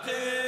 aqim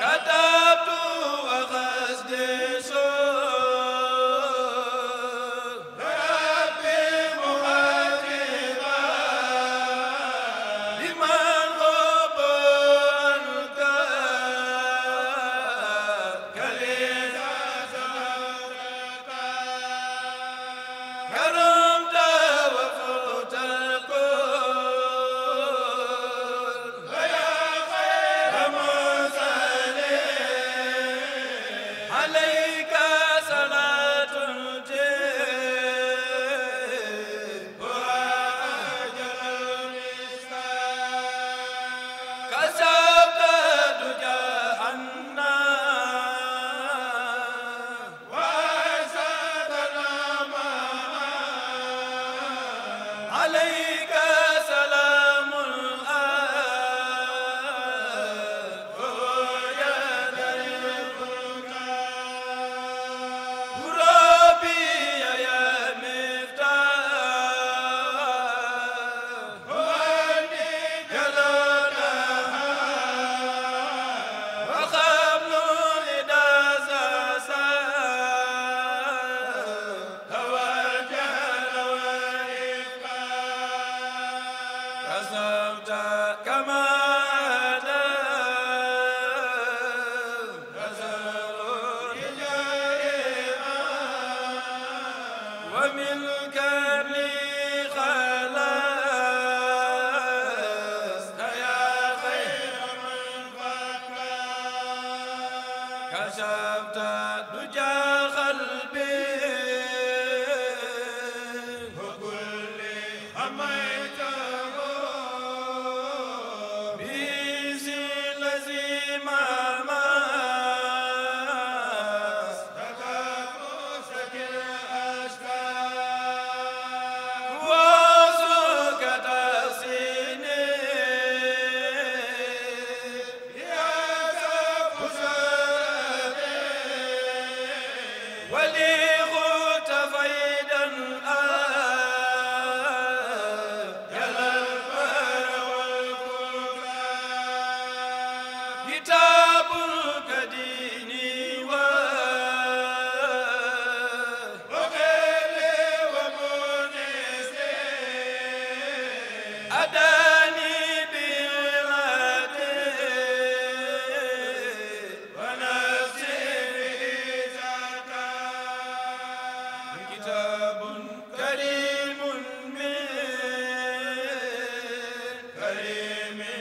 kata me